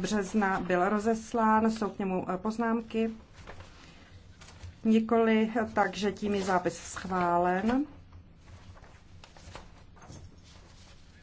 března byl rozeslán, jsou k němu eh, poznámky. Nikoli, takže tím je zápis schválen.